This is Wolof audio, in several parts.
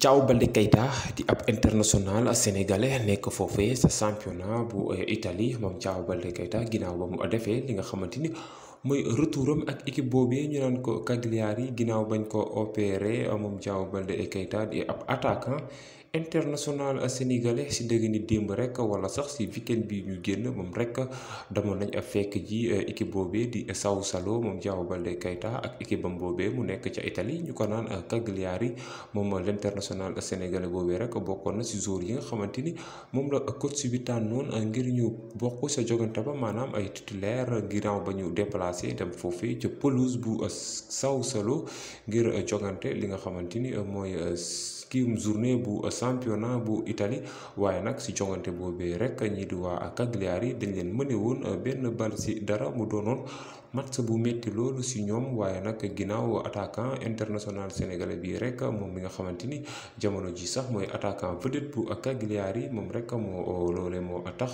caaw Baldé Keita di ab international sénégalais nekk foofee sa championnat bu eh, Italie moom Diao Baldé Keita ginnaaw ba mu defee li nga xamante ni mooy retouram ak équipe boobee ñu naan ko Cagliari ginnaaw bañ ko opéré moom Diao Baldé Keita di ab attaquant international sénégalais si dégg démb rek wala sax si weekend bi ñu génn moom rek demoon nañ a fekk ji euh, équipe boobee di Sao Salo moom Diao de Keita ak équipe bam boobee mu nekk ca Italie ñu ko naan euh, Cagliari moom l' international sénégalais boobee rek bokkoon na si jour yi nga xamante ni moom la coach bi tànnoon euh, ngir ñu bokk sa jogante ba maanaam ay titulaire ginnaaw ba ñu déplacé dem foofee ca pelouse bu Sao Salo ngir jogante li nga xamante ni mooy championnat bu Italie waaye nag si jongante boobee rek ñi di waa Cagliari dañ leen mëne woon euh, benn bal si dara mu doonoon match bu metti loolu si ñoom waaye nag ginnaaw attaquant international sénégalais bi rek moom mi nga xamante ni jamono ji sax mooy attaquant vedette bu Cagliari moom rek moo euh, loole moo a tax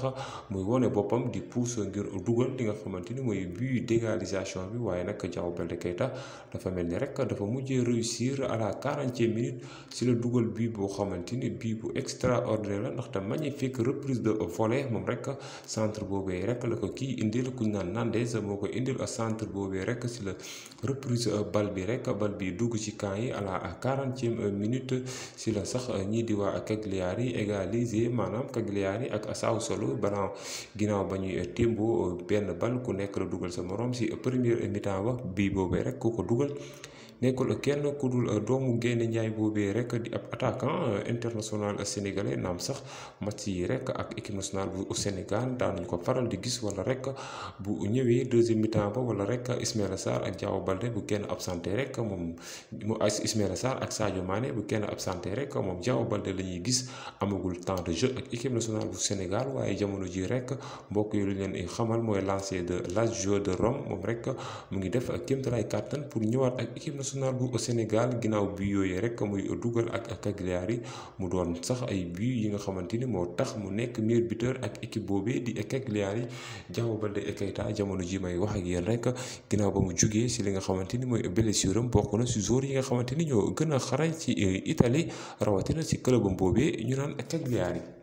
muy wone boppam di pousse ngir dugal li nga xamante ni mooy but d'égalisation bi waaye nag Diao Baldé Keita dafa mel ni rek dafa mujjee xamante ni bii bu extraordinaire la ndaxte magnifique reprise de volée moom rek centre boobee rek la ko kii indil kuñ naan Nandez moo ko indil centre boobee rek si la reprise bal bi rek bal bi dugg ci kaan yi à la quarantième minute si la sax ñii di waa Cagliari égalisé maanaam yi ak Sassuolo banaaw ginaaw ba ñuy témboo benn bal ku nekk la dugal sa moroom si première mi ba bii boobee rek ku ko dugal. nekkul kenn ku dul euh, doomu Gaynde Njaay boobee rek di ab attaquant euh, international sénégalais naam sax match yi rek ak équipe nationale bu Sénégal daanañu ko faral di gis wala rek bu ñëwee deuxième mi-temps ba wala rek Ismaïla Sarr ak Diao Baldé bu kenn absenté rek moom mu Ismaïla Sarr ak Sadio Mané bu kenn absenté rek moom Diao Baldé la ñuy gis amagul temps de jeu ak équipe nationale bu Sénégal waaye jamono ji rek mbokk yi lu leen xamal mooy lancer de la jeu de mu ngi def ak kéemtalaay national bu Sénégal ginnaaw bi yooyu rek muy dugal ak Cagliari mu doon sax ay bi yi nga xamante ni moo tax mu nekk meilleur buteur ak équipe boobee di Cagliari Diao Baldé Keita jamono ji may wax ak yéen rek ginnaaw ba mu jugee si li nga xamante ni mooy blessure am bokk na si joueur yi nga xamante ni ñoo gën a xarañ ci itali rawatina si clubam boobee ñu naan Cagliari